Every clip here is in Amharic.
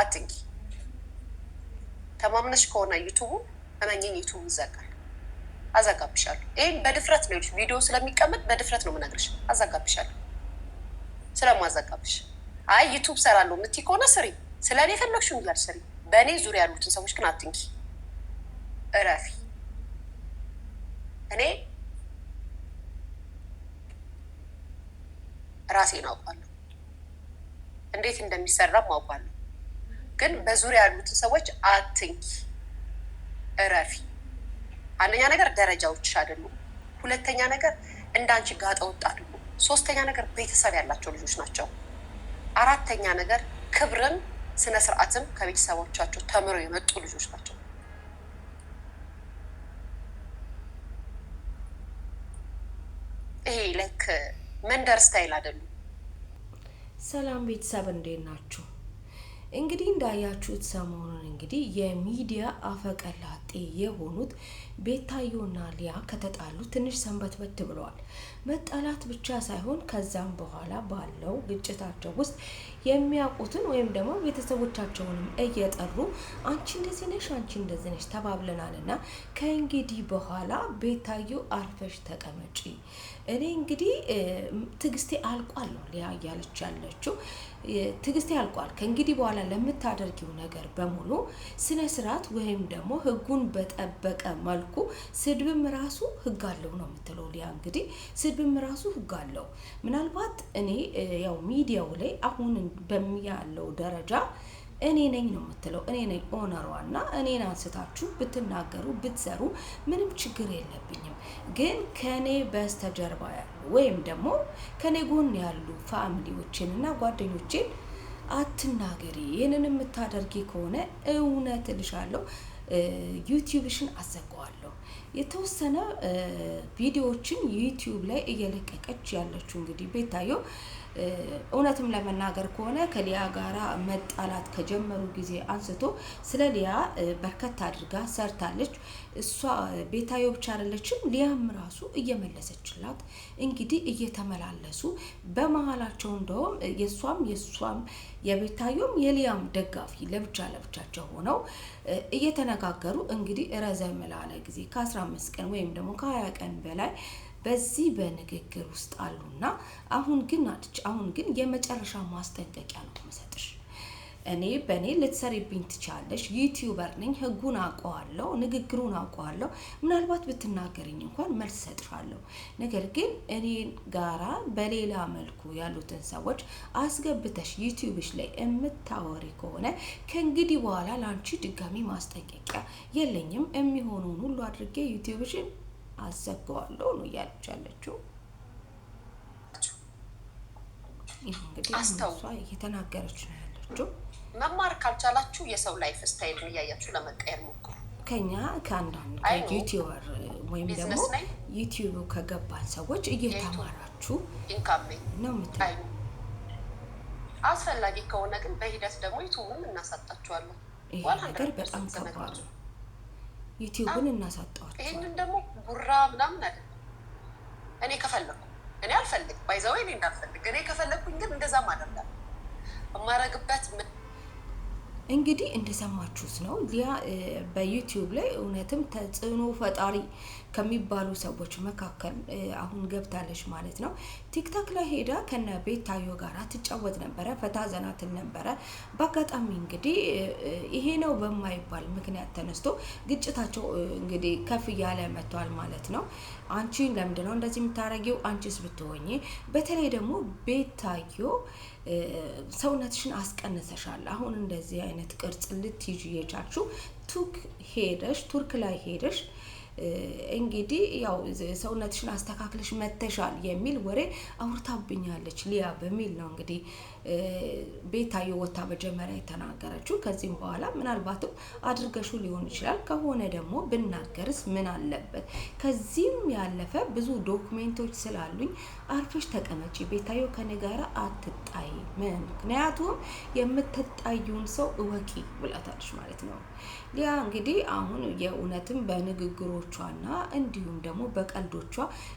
አትንኪ። ተማምነሽ ከሆነ ዩቱቡ እመኝኝ፣ ዩቱቡ ይዘጋል። አዘጋብሻለሁ። ይህም በድፍረት ነው ቪዲዮ ስለሚቀመጥ በድፍረት ነው የምነግርሽ። አዘጋብሻለሁ። ስለማዘጋብሽ አይ ዩቱብ ሰራለሁ የምትይ ከሆነ ስሪ፣ ስለ እኔ የፈለግሽውን እያልሽ ስሪ። በእኔ ዙሪያ ያሉትን ሰዎች ግን አትንኪ፣ እረፊ። እኔ ራሴን አውቃለሁ፣ እንዴት እንደሚሰራም አውቃለሁ። ግን በዙሪያ ያሉትን ሰዎች አትንኪ፣ እረፊ። አንደኛ ነገር ደረጃዎች አይደሉ ሁለተኛ ነገር እንዳንቺ ጋጠ ወጥ አይደሉም። ሶስተኛ ነገር ቤተሰብ ያላቸው ልጆች ናቸው። አራተኛ ነገር ክብርም ስነ ስርዓትም ከቤተሰቦቻቸው ተምረው የመጡ ልጆች ናቸው። ይሄ ልክ መንደር ስታይል አይደሉም። ሰላም ቤተሰብ እንዴት ናችሁ? እንግዲህ እንዳያችሁት ሰሞኑን እንግዲህ የሚዲያ አፈቀላጤ የሆኑት ቤታዮና ሊያ ከተጣሉ ትንሽ ሰንበት በት ብለዋል። መጣላት ብቻ ሳይሆን ከዛም በኋላ ባለው ግጭታቸው ውስጥ የሚያውቁትን ወይም ደግሞ ቤተሰቦቻቸውንም እየጠሩ አንቺ እንደዚህ ነሽ፣ አንቺ እንደዚህ ነሽ ተባብለናል እና ከእንግዲህ በኋላ ቤታዮ አርፈሽ ተቀመጪ፣ እኔ እንግዲህ ትዕግስቴ አልቋል ነው ሊያ እያለች ያለችው ትግስት ያልቋል። ከእንግዲህ በኋላ ለምታደርጊው ነገር በሙሉ ስነ ስርዓት ወይም ደግሞ ህጉን በጠበቀ መልኩ ስድብም ራሱ ህግ አለው ነው የምትለው ሊያ። እንግዲህ ስድብም ራሱ ህግ አለው። ምናልባት እኔ ያው ሚዲያው ላይ አሁን በሚያለው ደረጃ እኔ ነኝ ነው የምትለው። እኔ ነኝ ኦነሯ እና እኔን አንስታችሁ ብትናገሩ ብትሰሩ ምንም ችግር የለብኝም። ግን ከእኔ በስተጀርባ ወይም ደግሞ ከኔ ጎን ያሉ ፋሚሊዎችንና ጓደኞችን አትናገሪ፣ ይህንን የምታደርጊ ከሆነ እውነት እልሻለሁ ዩቲዩብሽን አዘጋዋለሁ። የተወሰነ ቪዲዮዎችን ዩቲዩብ ላይ እየለቀቀች ያለችው እንግዲህ ቤታየው እውነትም ለመናገር ከሆነ ከሊያ ጋራ መጣላት ከጀመሩ ጊዜ አንስቶ ስለ ሊያ በርከት አድርጋ ሰርታለች። እሷ ቤታዮ ብቻ አይደለችም፣ ሊያም ራሱ እየመለሰችላት እንግዲህ እየተመላለሱ በመሀላቸው እንደውም የእሷም የእሷም የቤታዮም የሊያም ደጋፊ ለብቻ ለብቻቸው ሆነው እየተነጋገሩ እንግዲህ ረዘም ላለ ጊዜ ከ15 ቀን ወይም ደግሞ ከ20 ቀን በላይ በዚህ በንግግር ውስጥ አሉና አሁን ግን አለች፣ አሁን ግን የመጨረሻ ማስጠንቀቂያ ነው መሰጥሽ። እኔ በእኔ ልትሰሪብኝ ትችያለሽ። ዩቲዩበር ነኝ፣ ህጉን አውቀዋለሁ፣ ንግግሩን አውቀዋለሁ። ምናልባት ብትናገርኝ እንኳን መልስ ሰጥሻለሁ። ነገር ግን እኔ ጋራ በሌላ መልኩ ያሉትን ሰዎች አስገብተሽ ዩቲዩብሽ ላይ የምታወሪ ከሆነ ከእንግዲህ በኋላ ለአንቺ ድጋሚ ማስጠንቀቂያ የለኝም። የሚሆነውን ሁሉ አድርጌ ዩቲዩብሽን አዘጋዋለሁ ነው እያለች ያለችው። እንግዲህ እሷ እየተናገረች ነው ያለችው። መማር ካልቻላችሁ የሰው ላይፍ ስታይል እያያችሁ ለመቀየር ሞክሩ። ከኛ ከአንዳንድ ዩቲዩበር ወይም ደግሞ ዩቲዩብ ከገባን ሰዎች እየተማራችሁ ነው ምት አስፈላጊ ከሆነ ግን በሂደት ደግሞ ዩቱቡም እናሳጣችኋለን። ይሄ ነገር በጣም ከባድ ነው። ዩቲዩብን እናሳጣዋል። ይህንን ደግሞ ጉራ ምናምን አይደለም። እኔ ከፈለኩ እኔ አልፈልግ ባይዘወይ እኔ እንዳልፈልግ እኔ ከፈለግኩኝ ግን እንደዛም አደርጋለሁ የማረግበት እንግዲህ እንደሰማችሁት ነው። ሊያ በዩቲዩብ ላይ እውነትም ተጽዕኖ ፈጣሪ ከሚባሉ ሰዎች መካከል አሁን ገብታለች ማለት ነው። ቲክታክ ላይ ሄዳ ከነ ቤታዮ ጋር ትጫወት ነበረ፣ ፈታ ዘናትን ነበረ። በአጋጣሚ እንግዲህ ይሄ ነው በማይባል ምክንያት ተነስቶ ግጭታቸው እንግዲህ ከፍ እያለ መጥቷል ማለት ነው። አንቺ ለምንድነው እንደዚህ የምታረጊው? አንቺስ ብትሆኚ በተለይ ደግሞ ቤታዮ ሰውነትሽን አስቀንሰሻል። አሁን እንደዚህ አይነት ቅርጽ ልትይዥ የቻልሽው ቱርክ ሄደሽ ቱርክ ላይ ሄደሽ እንግዲህ ያው ሰውነትሽን አስተካክለሽ መተሻል የሚል ወሬ አውርታብኛለች ሊያ በሚል ነው እንግዲህ ቤታዮ ወታ መጀመሪያ የተናገረችው። ከዚህም በኋላ ምናልባትም አድርገሹ ሊሆን ይችላል፣ ከሆነ ደግሞ ብናገርስ ምን አለበት? ከዚህም ያለፈ ብዙ ዶክሜንቶች ስላሉኝ አርፈሽ ተቀመጪ፣ ቤታዮ ከኔ ጋር አትጣይ፣ ምክንያቱም የምትጣዩን ሰው እወቂ ብላታለች ማለት ሊያ እንግዲህ አሁን የእውነትም በንግግሮቿና እንዲሁም ደግሞ በቀልዶቿ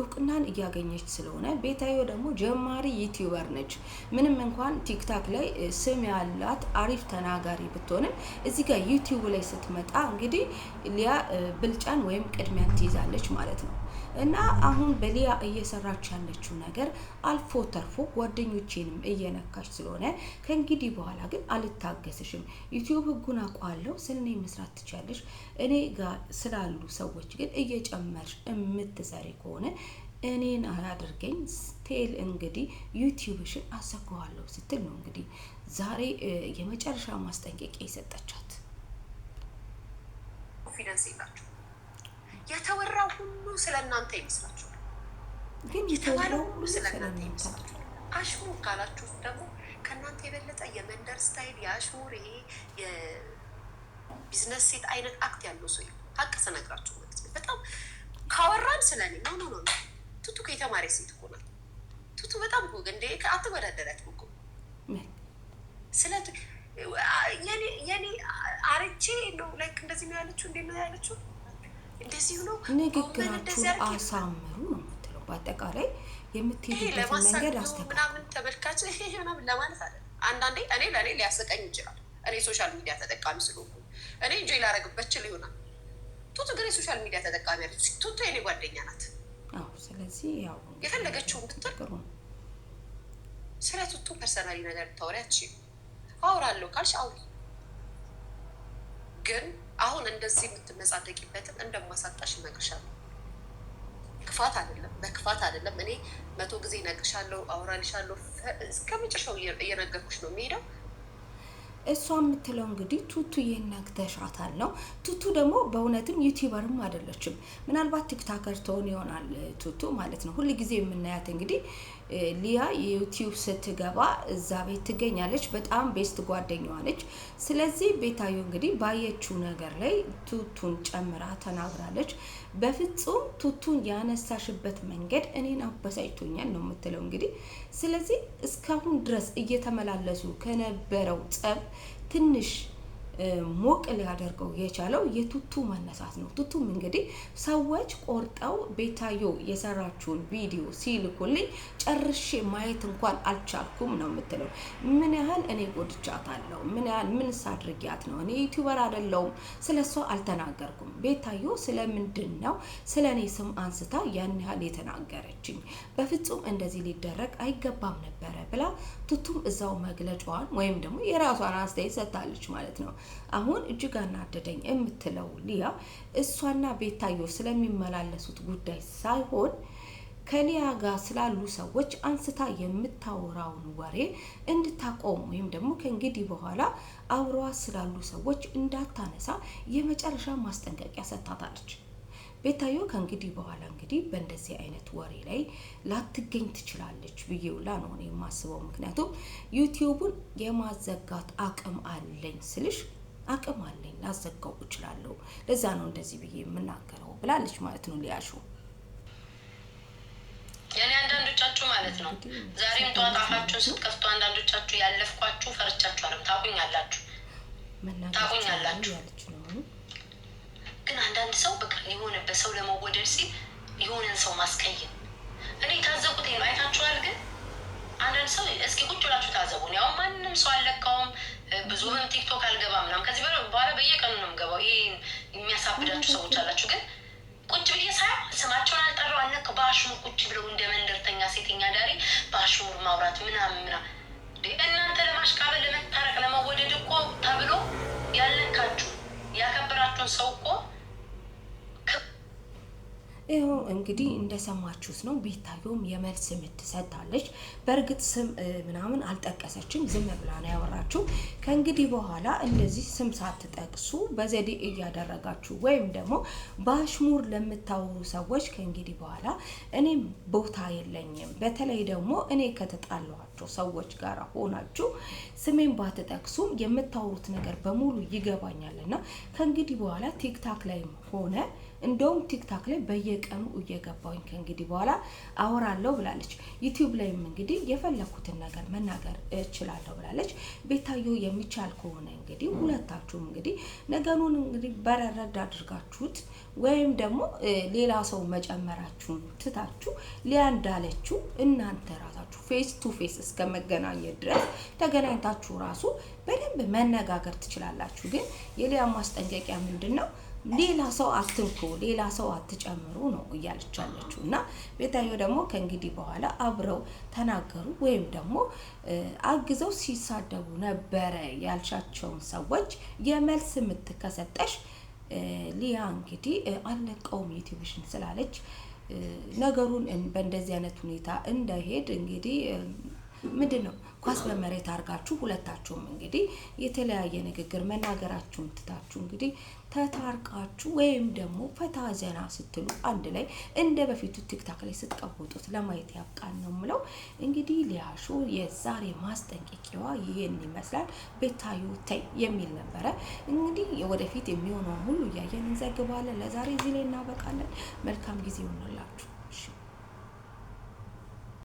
እውቅናን እያገኘች ስለሆነ ቤታዮ ደግሞ ጀማሪ ዩቲዩበር ነች። ምንም እንኳን ቲክታክ ላይ ስም ያላት አሪፍ ተናጋሪ ብትሆንም እዚህ ጋር ዩቲዩብ ላይ ስትመጣ እንግዲህ ሊያ ብልጫን ወይም ቅድሚያን ትይዛለች ማለት ነው። እና አሁን በሊያ እየሰራች ያለችው ነገር አልፎ ተርፎ ጓደኞቼንም እየነካች ስለሆነ ከእንግዲህ በኋላ ግን አልታገስሽም። ዩቲዩብ ህጉን አውቀዋለሁ። ስለ እኔ መስራት ትችያለሽ። እኔ ጋር ስላሉ ሰዎች ግን እየጨመርሽ የምትሰሪ ከሆነ እኔን አያድርገኝ ስቴል እንግዲህ ዩቲዩብሽን አሰጓዋለሁ ስትል ነው እንግዲህ ዛሬ የመጨረሻ ማስጠንቀቂያ የሰጠቻት። ኮንፊደንስ የላቸው የተወራው ሁሉ ስለ እናንተ ይመስላችኋል፣ ግን የተባለው ሁሉ ስለ እናንተ ይመስላችኋል። አሽሙር ካላችሁ ደግሞ ከእናንተ የበለጠ የመንደር ስታይል የአሽሙር ይሄ የቢዝነስ ሴት አይነት አክት ያለው ሰው ሀቅ ስነግራችሁ ማለት ነው። በጣም ካወራን ስለ እኔ ነው ነው ነው ቱቱ የተማሪ ሴት እኮ ናት። ቱቱ በጣም እንደ አትወዳደረት እኮ ስለ የኔ አርቼ ነው ላይክ እንደዚህ ነው ያለችው እንደ ነው ያለችው ንግግራችሁን አሳምሩ ነው የምትለው። በአጠቃላይ የምትሄዱበት መንገድ አስተካክሉ። ተመልካች ምናምን ለማለት አለ። አንዳንዴ እኔ ለእኔ ሊያስቀኝ ይችላል። እኔ ሶሻል ሚዲያ ተጠቃሚ ስለሆንኩ እኔ እንጆ ላረግበት ችል ይሆናል። ቱቱ ግን የሶሻል ሚዲያ ተጠቃሚ ያለች ቱቱ የኔ ጓደኛ ናት። ስለዚህ ያው የፈለገችውን ብትል ስለ ቱቱ ፐርሰናሊ ነገር ታወሪያች አውራለሁ ካልሽ አውሪ ግን አሁን እንደዚህ የምትመጻደቂበትን እንደማሳጣሽ እነግርሻለሁ። ክፋት አይደለም፣ በክፋት አይደለም። እኔ መቶ ጊዜ እነግርሻለሁ፣ አውራልሻለሁ፣ እስከ መጨረሻው እየነገርኩሽ ነው የሚሄደው እሷ የምትለው እንግዲህ ቱቱ ይህን ነው። ቱቱ ደግሞ በእውነትም ዩቲዩበርም አይደለችም። ምናልባት ቲክታከር ትሆን ይሆናል ቱቱ ማለት ነው። ሁል ጊዜ የምናያት እንግዲህ ሊያ የዩቲዩብ ስትገባ እዛ ቤት ትገኛለች። በጣም ቤስት ጓደኛዋ ነች። ስለዚህ ቤታዩ እንግዲህ ባየችው ነገር ላይ ቱቱን ጨምራ ተናግራለች። በፍጹም ቱቱን ያነሳሽበት መንገድ እኔን አበሳጭቶኛል ነው የምትለው እንግዲህ። ስለዚህ እስካሁን ድረስ እየተመላለሱ ከነበረው ጸብ ትንሽ ሞቅ ሊያደርገው የቻለው የቱቱ መነሳት ነው። ቱቱም እንግዲህ ሰዎች ቆርጠው ቤታዮ የሰራችውን ቪዲዮ ሲልኩልኝ ጨርሼ ማየት እንኳን አልቻልኩም ነው የምትለው። ምን ያህል እኔ ጎድቻታለሁ፣ ምን ያህል ምን ሳድርጊያት ነው? እኔ ዩቲዩበር አይደለሁም፣ ስለ እሷ አልተናገርኩም። ቤታዮ ስለምንድን ነው ስለ እኔ ስም አንስታ ያን ያህል የተናገረችኝ? በፍጹም እንደዚህ ሊደረግ አይገባም ነበረ ብላ ቱቱም እዛው መግለጫዋን ወይም ደግሞ የራሷን አስተያየት ሰጥታለች ማለት ነው። አሁን እጅግ አናደደኝ የምትለው ሊያ እሷና ቤታዮ ስለሚመላለሱት ጉዳይ ሳይሆን ከሊያ ጋር ስላሉ ሰዎች አንስታ የምታወራውን ወሬ እንድታቆም ወይም ደግሞ ከእንግዲህ በኋላ አብሯ ስላሉ ሰዎች እንዳታነሳ የመጨረሻ ማስጠንቀቂያ ሰጥታታለች። ቤታዮ ከእንግዲህ በኋላ እንግዲህ በእንደዚህ አይነት ወሬ ላይ ላትገኝ ትችላለች ብዬ ውላ ነው የማስበው። ምክንያቱም ዩቲዩቡን የማዘጋት አቅም አለኝ ስልሽ አቅም አለኝ ላዘጋው እችላለሁ፣ ለዛ ነው እንደዚህ ብዬ የምናገረው ብላለች ማለት ነው ሊያሹ የኔ አንዳንዶቻችሁ ማለት ነው ዛሬም ጠዋት አፋችሁን ስትከፍቱ አንዳንዶቻችሁ ያለፍኳችሁ ፈርቻችሁ አለም ታቁኝ አላችሁ ታቁኝ አላችሁ። ግን አንዳንድ ሰው በቃ የሆነ በሰው ለመወደድ ሲል የሆነን ሰው ማስቀየም እኔ ታዘቁት አይታችኋል ግን አንዳንድ ሰው እስኪ ቁጭ ብላችሁ ታዘቡን። ያው ማንም ሰው አልለካውም፣ ብዙም ቲክቶክ አልገባም ምናም ከዚህ በኋላ በየቀኑ ነው የምገባው። ይህ የሚያሳብዳችሁ ሰዎች አላችሁ። ግን ቁጭ ብዬ ሳ ስማቸውን አልጠራው አልነካ። በአሽሙር ቁጭ ብለው እንደ መንደርተኛ ሴተኛ ዳሪ በአሽሙር ማውራት ምናም ምና እናንተ ለማሽቃበል፣ ለመታረቅ፣ ለመወደድ እኮ ተብሎ ያለካችሁ ያከበራችሁን ሰው እኮ ይኸው እንግዲህ እንደሰማችሁት ነው። ቤታየውም የመልስ ምት ሰጥታለች። በእርግጥ ስም ምናምን አልጠቀሰችም፣ ዝም ብላ ነው ያወራችው። ከእንግዲህ በኋላ እንደዚህ ስም ሳትጠቅሱ በዘዴ እያደረጋችሁ ወይም ደግሞ በአሽሙር ለምታወሩ ሰዎች ከእንግዲህ በኋላ እኔም ቦታ የለኝም። በተለይ ደግሞ እኔ ከተጣለዋል ካላቸው ሰዎች ጋር ሆናችሁ ስሜን ባትጠቅሱም የምታወሩት ነገር በሙሉ ይገባኛል እና ከእንግዲህ በኋላ ቲክታክ ላይም ሆነ እንደውም ቲክታክ ላይ በየቀኑ እየገባውኝ ከእንግዲህ በኋላ አወራለሁ ብላለች። ዩቲዩብ ላይም እንግዲህ የፈለኩትን ነገር መናገር እችላለሁ ብላለች። ቤታየው የሚቻል ከሆነ እንግዲህ ሁለታችሁም እንግዲህ ነገሩን እንግዲህ በረረድ አድርጋችሁት ወይም ደግሞ ሌላ ሰው መጨመራችሁን ትታችሁ ሊያ እንዳለችው እናንተ ራሳችሁ ፌስ ቱ ፌስ እስከ መገናኘት ድረስ ተገናኝታችሁ ራሱ በደንብ መነጋገር ትችላላችሁ። ግን የሊያ ማስጠንቀቂያ ምንድን ነው? ሌላ ሰው አትንኩ፣ ሌላ ሰው አትጨምሩ ነው እያለች እና ቤታዮ ደግሞ ከእንግዲህ በኋላ አብረው ተናገሩ ወይም ደግሞ አግዘው ሲሳደቡ ነበረ ያልሻቸውን ሰዎች የመልስ የምትከሰጠሽ ሊያ እንግዲህ አልነቀውም ዩቲዩብሽን ስላለች ነገሩን በእንደዚህ አይነት ሁኔታ እንዳይሄድ እንግዲህ ምንድን ነው ኳስ በመሬት አድርጋችሁ ሁለታችሁም እንግዲህ የተለያየ ንግግር መናገራችሁን ትታችሁ እንግዲህ ተታርቃችሁ ወይም ደግሞ ፈታ ዘና ስትሉ አንድ ላይ እንደ በፊቱ ቲክታክ ላይ ስትቀወጡት ለማየት ያብቃን ነው ምለው። እንግዲህ ሊያሹ የዛሬ ማስጠንቀቂያዋ ይህን ይመስላል። ቤታዩ ተይ የሚል ነበረ። እንግዲህ ወደፊት የሚሆነውን ሁሉ እያየን እንዘግባለን። ለዛሬ እዚህ ላይ እናበቃለን። መልካም ጊዜ ይሆንላችሁ።